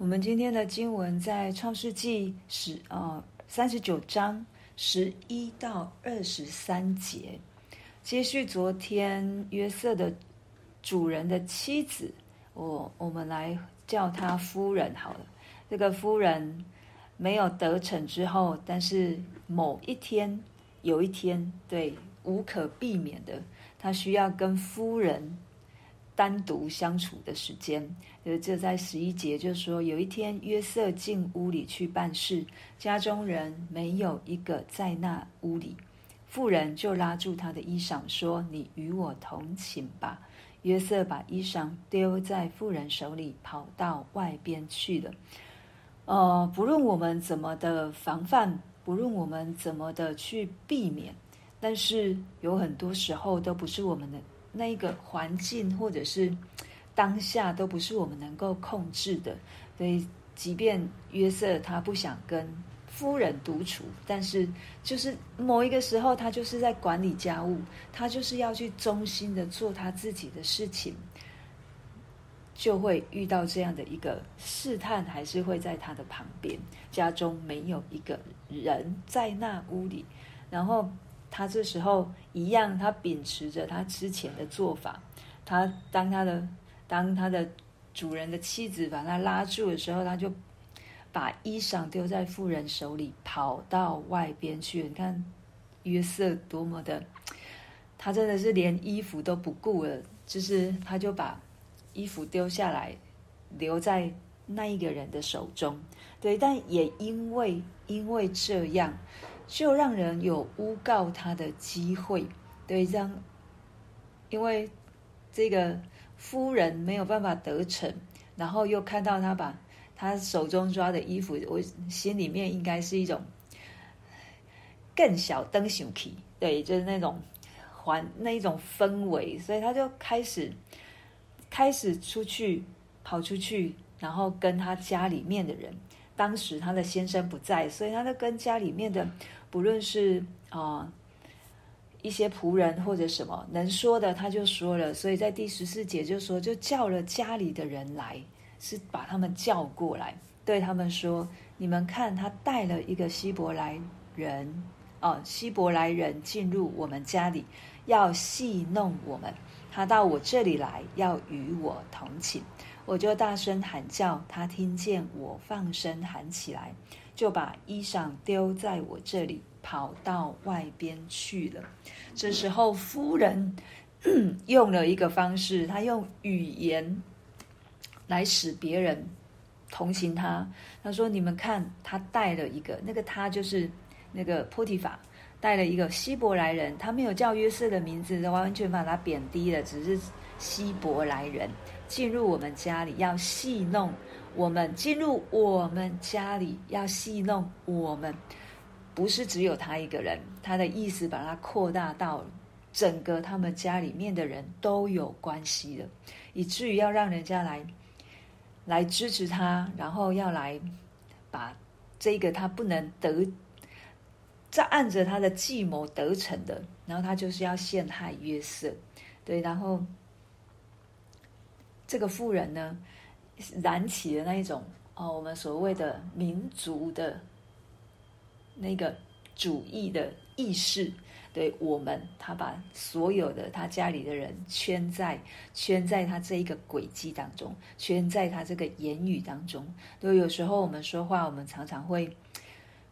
我們今天的經文在創世記十啊，三十九章十一到二十三節，接續昨天約瑟的主人的妻子，我我們來叫她夫人好了。這個夫人沒有得逞之後，但是某一天，有一天，對，無可避免的，他需要跟夫人。單獨相處的時間，呃，這在十一節，就說有一天約瑟進屋裡去辦事，家中人沒有一個在那屋裡，婦人就拉住他的衣裳說：“你與我同寢吧。”約瑟把衣裳丟在婦人手裡，跑到外邊去了。呃，不論我們怎麼的防範，不論我們怎麼的去避免，但是有很多時候都不是我們的。那一個環境或者是當下都不是我們能夠控制的，所以即便約瑟他不想跟夫人獨處，但是就是某一個時候，他就是在管理家務，他就是要去忠心的做他自己的事情，就會遇到這樣的一個試探，還是會在他的旁邊，家中沒有一個人在那屋裡，然後。他這時候一樣，他秉持着他之前的做法。他當他的當他的主人的妻子把他拉住的時候，他就把衣裳丟在婦人手裡，跑到外邊去。你看約瑟多麼的，他真的是連衣服都不顧了，就是他就把衣服丟下來，留在那一個人的手中。對，但也因為因為這樣。就讓人有誣告他的機會，對，這樣，因為這個夫人沒有辦法得逞，然後又看到他把他手中抓的衣服，我心裡面應該是一種更小燈想起，對，就是那種環，那一種氛圍，所以他就開始開始出去，跑出去，然後跟他家裡面的人。當時他的先生不在，所以他就跟家裡面的，不論是啊、哦、一些僕人或者什麼能說的，他就說了。所以在第十四節就說，就叫了家裡的人來，是把他們叫過來，對他們說：“你們看，他帶了一個希伯來人啊，哦，希伯來人進入我們家裡，要戲弄我們。他到我這裡來，要與我同寢。”我就大聲喊叫，他聽見我放聲喊起來，就把衣裳丟在我這裡，跑到外邊去了。這時候，夫人用了一個方式，他用語言來使別人同情他。他說：“你們看，他帶了一個那個他，就是那個波提乏，帶了一個希伯來人，他沒有叫約瑟的名字，完全把他貶低了，只是。”希伯來人進入我們家裡要戲弄我們，進入我們家裡要戲弄我們，不是只有他一個人。他的意思把他擴大到整個他們家裡面的人都有關係的，以至於要讓人家來來支持他，然後要來把這個他不能得在按着他的計謀得逞的，然後他就是要陷害約瑟，對，然後。這個婦人呢，燃起了那一種哦，我們所謂的民族的那個主義的意識。對我們，他把所有的他家裡的人圈在圈在他這一個軌跡當中，圈在他這個言語當中。對，有時候我們說話，我們常常會，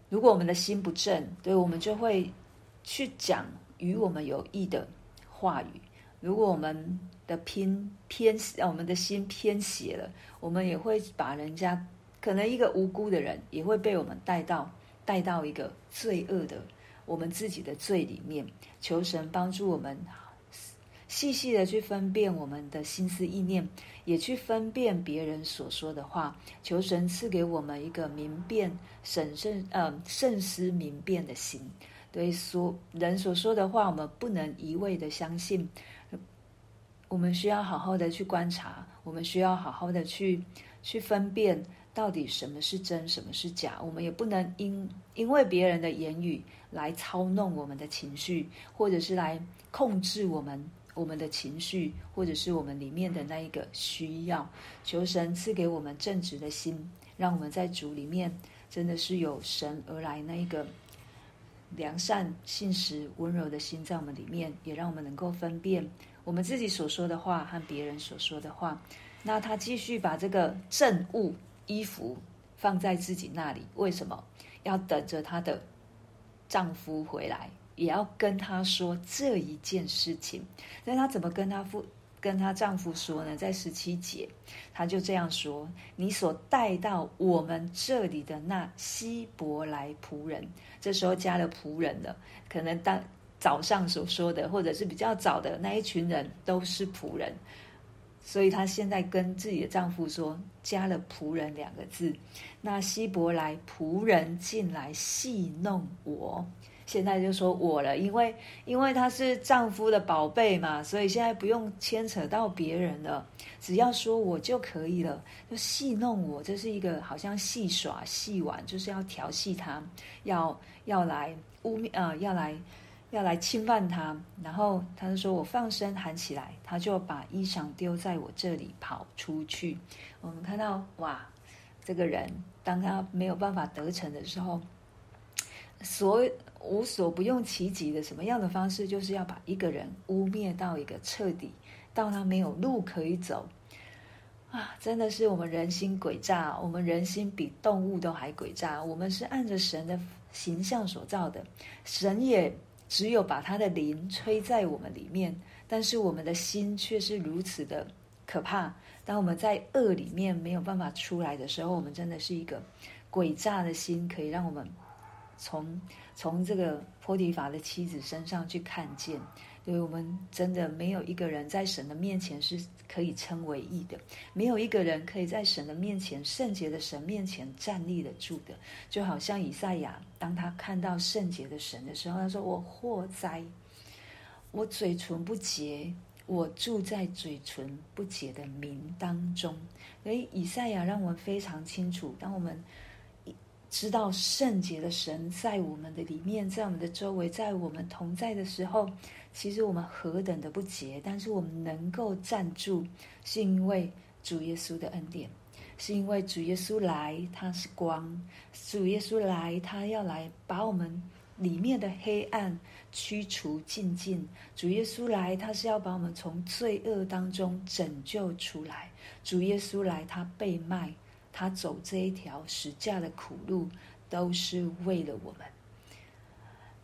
如果我們的心不正，對我們就會去講與我們有益的話語。如果我們的心偏啊，我們的心偏邪了，我們也會把人家可能一個無辜的人，也會被我們帶到帶到一個罪惡的我們自己的罪裡面。求神幫助我們，細細的去分辨我們的心思意念，也去分辨別人所說的話。求神賜給我們一個明辨、審慎、呃慎思明辨的心。對所人所說的話，我們不能一味的相信，我們需要好好的去觀察，我們需要好好的去去分辨到底什麼是真，什麼是假。我們也不能因因為別人的言語來操弄我們的情緒，或者是來控制我們我們的情緒，或者是我們裡面的那一個需要。求神賜給我們正直的心，讓我們在主裡面真的是有神而來那一個。良善、信實、溫柔的心在我們裡面，也讓我們能夠分辨我們自己所說的話和別人所說的話。那她繼續把這個證物、衣服放在自己那裡，為什麼要等着她的丈夫回來，也要跟他說這一件事情？那她怎麼跟他夫？跟她丈夫說呢，在十七節，她就這樣說：“你所帶到我們這裡的那希伯來僕人，這時候加了僕人了。可能當早上所說的，或者是比較早的那一群人都是僕人，所以她現在跟自己的丈夫說，加了僕人兩個字。那希伯來僕人進來戲弄我。”現在就說我了，因為因為她是丈夫的寶貝嘛，所以現在不用牽扯到別人了，只要說我就可以了。就戲弄我，這是一個好像戲耍戲玩，就是要調戲他，要要來污衊啊，要來、呃、要來、要來侵犯他。然後他就說我放聲喊起來，他就把衣裳丟在我這裡跑出去。我們看到哇，這個人當他沒有辦法得逞的時候，所。無所不用其極的，什麼樣的方式，就是要把一個人污衊到一個徹底，到他沒有路可以走啊！真的是我們人心詭詐，我們人心比動物都還詭詐。我們是按着神的形象所造的，神也只有把他的靈吹在我們裡面，但是我們的心卻是如此的可怕。當我們在惡裡面沒有辦法出來的時候，我們真的是一個詭詐的心，可以讓我們從從這個波提乏的妻子身上去看見，因為我們真的沒有一個人在神的面前是可以稱為義的，沒有一個人可以在神的面前聖潔的神面前站立得住的。就好像以賽亞，當他看到聖潔的神的時候，他說：“我禍哉！我嘴唇不潔，我住在嘴唇不潔的名當中。”所以以賽亞讓我們非常清楚，當我們。知道聖潔的神在我們的裡面，在我們的周圍，在我們同在的時候，其實我們何等的不潔，但是我們能夠站住，是因為主耶穌的恩典，是因為主耶穌來，他是光，主耶穌來，他要來把我們裡面的黑暗驅除淨盡，主耶穌來，他是要把我們從罪惡當中拯救出來，主耶穌來，他被賣。他走這一條十架的苦路，都是為了我們。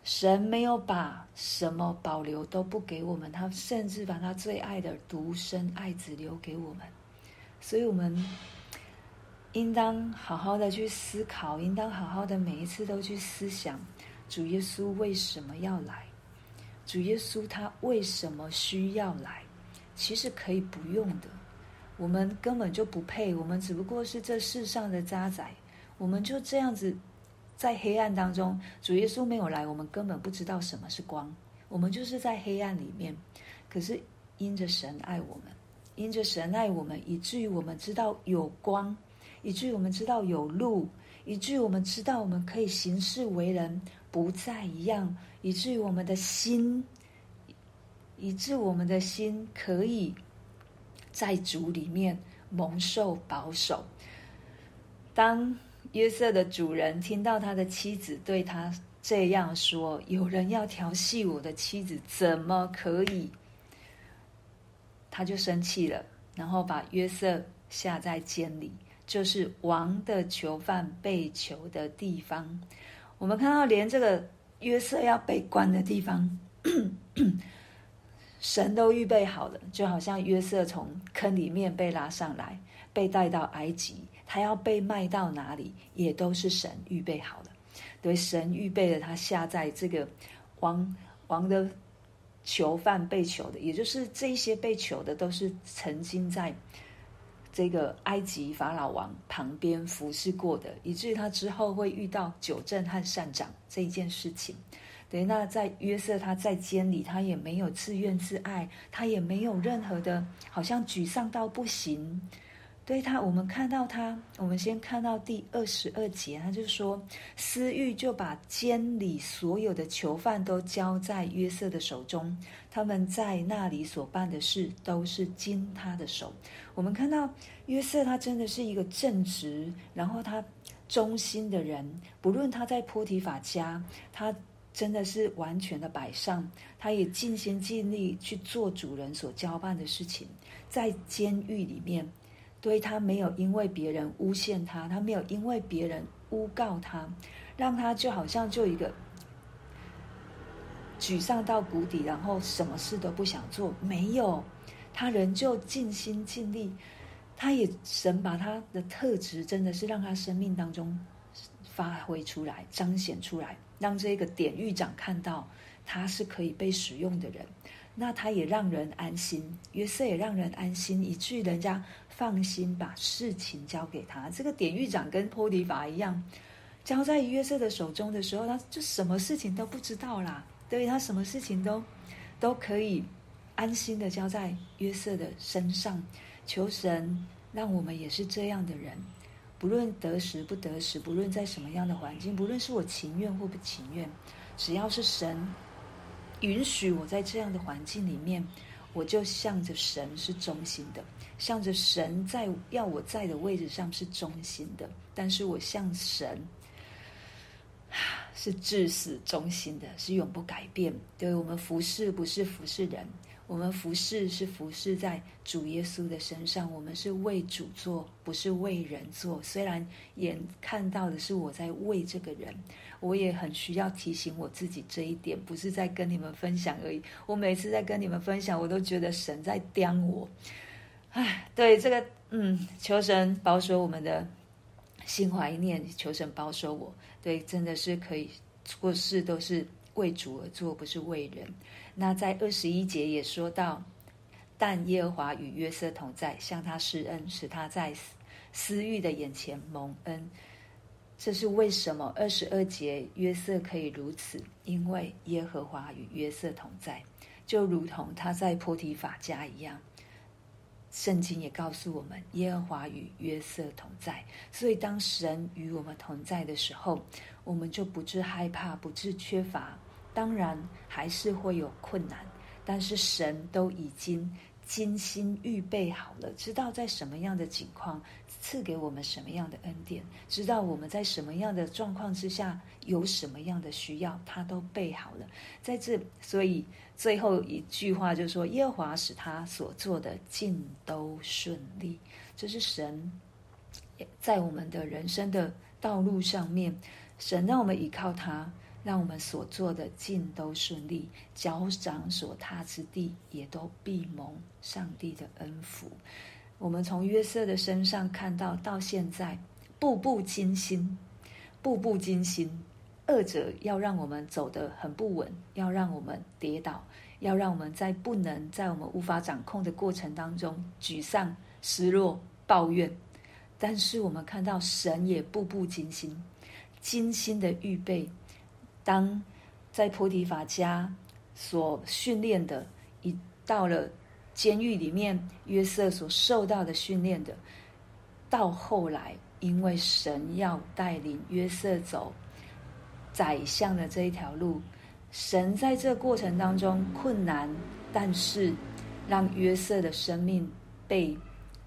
神沒有把什麼保留都不給我們，他甚至把他最愛的獨生愛子留給我們。所以，我們應當好好的去思考，應當好好的每一次都去思想主耶穌為什麼要來，主耶穌他為什麼需要來？其實可以不用的。我們根本就不配，我們只不過是這世上的渣滓。我們就這樣子在黑暗當中，主耶穌沒有來，我們根本不知道什麼是光。我們就是在黑暗裡面，可是因着神愛我們，因着神愛我們，以至於我們知道有光，以至於我們知道有路，以至於我們知道我們可以行事為人，不再一樣，以至於我們的心，以致我們的心可以。在主裡面蒙受保守。當約瑟的主人聽到他的妻子對他這樣說：“有人要調戲我的妻子，怎麼可以？”他就生氣了，然後把約瑟下在監裡，就是王的囚犯被囚的地方。我們看到，連這個約瑟要被關的地方。 神都預備好了，就好像約瑟從坑裡面被拉上來，被帶到埃及，他要被賣到哪裡，也都是神預備好的。對，神預備了他下在這個王王的囚犯被囚的，也就是這一些被囚的，都是曾經在這個埃及法老王旁邊服侍過的，以至於他之後會遇到酒政和膳長這一件事情。雷那在約瑟他在監裡，他也沒有自怨自艾，他也沒有任何的，好像沮喪到不行。對他，我們看到他，我們先看到第二十二節，他就說：“司獄就把監裡所有的囚犯都交在約瑟的手中，他們在那裡所辦的事都是經他的手。”我們看到約瑟，他真的是一個正直，然後他忠心的人，不論他在波提乏家，他。真的是完全的擺上，他也盡心盡力去做主人所交辦的事情，在監獄裡面，對，他沒有因為別人誣陷他，他沒有因為別人誣告他，讓他就好像就一個沮喪到谷底，然後什麼事都不想做，沒有，他仍舊盡心盡力，他也神把他的特質，真的是讓他生命當中。發揮出來，彰顯出來，讓這個典獄長看到他是可以被使用的人，那他也讓人安心，約瑟也讓人安心，以至於人家放心把事情交給他。這個典獄長跟波迪法一樣，交在約瑟的手中的時候，他就什麼事情都不知道啦，對，他什麼事情都都可以安心的交在約瑟的身上。求神讓我們也是這樣的人。不論得時不得時，不論在什麼樣的環境，不論是我情願或不情願，只要是神允許我在這樣的環境裡面，我就向着神是忠心的，向着神在要我在的位置上是忠心的。但是我向神是至死忠心的，是永不改變。對，我們服侍，不是服侍人。我們服侍是服侍在主耶穌的身上，我們是為主做，不是為人做。雖然眼看到的是我在為這個人，我也很需要提醒我自己這一點，不是在跟你們分享而已。我每次在跟你們分享，我都覺得神在盯我。唉，對這個，嗯，求神保守我們的心，懷念，求神保守我。對，真的是可以做事，都是為主而做，不是為人。那在二十一節也說到，但耶和華與約瑟同在，向他施恩，使他在司獄的眼前蒙恩。這是為什麼？二十二節約瑟可以如此，因為耶和華與約瑟同在，就如同他在波提乏家一樣。聖經也告訴我們，耶和華與約瑟同在。所以，當神與我們同在的時候，我們就不至害怕，不至缺乏。當然還是會有困難，但是神都已經精心預備好了，知道在什麼樣的情況賜給我們什麼樣的恩典，知道我們在什麼樣的狀況之下有什麼樣的需要，他都備好了。在這，所以最後一句話就是說：“耶和華使他所做的盡都順利。就”這是神在我們的人生的道路上面，神讓我們依靠他。讓我們所做的盡都順利，腳掌所踏之地也都必蒙上帝的恩福。我們從約瑟的身上看到，到現在步步驚心，步步驚心，惡者要讓我們走得很不穩，要讓我們跌倒，要讓我們在不能在我們無法掌控的過程當中沮喪、失落、抱怨。但是我們看到神也步步驚心，精心的預備。當在波提乏家所訓練的，一到了監獄裡面，約瑟所受到的訓練的，到後來，因為神要帶領約瑟走宰相的這一條路，神在這過程當中困難，但是讓約瑟的生命被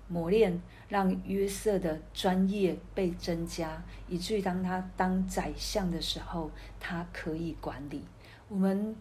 磨練。讓約瑟的專業被增加，以至於當他當宰相的時候，他可以管理。我們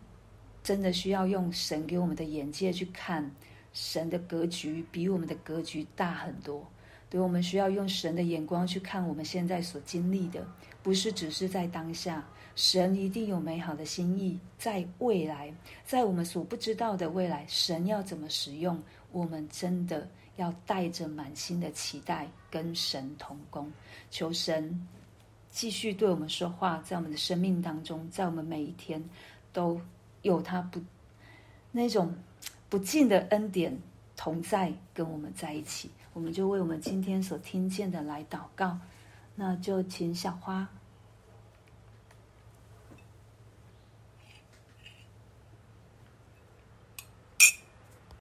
真的需要用神給我們的眼界，去看，神的格局比我們的格局大很多。對，我們需要用神的眼光去看我們現在所經歷的，不是只是在當下。神一定有美好的心意，在未來，在我們所不知道的未來，神要怎麼使用我們，真的。要帶着滿心的期待跟神同工，求神繼續對我們說話，在我們的生命當中，在我們每一天都有他不那種不盡的恩典同在跟我們在一起。我們就為我們今天所聽見的來禱告，那就請小花。